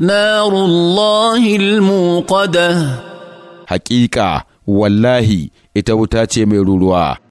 نار الله الموقدة حقيقة والله إتوتاتي ميرولوا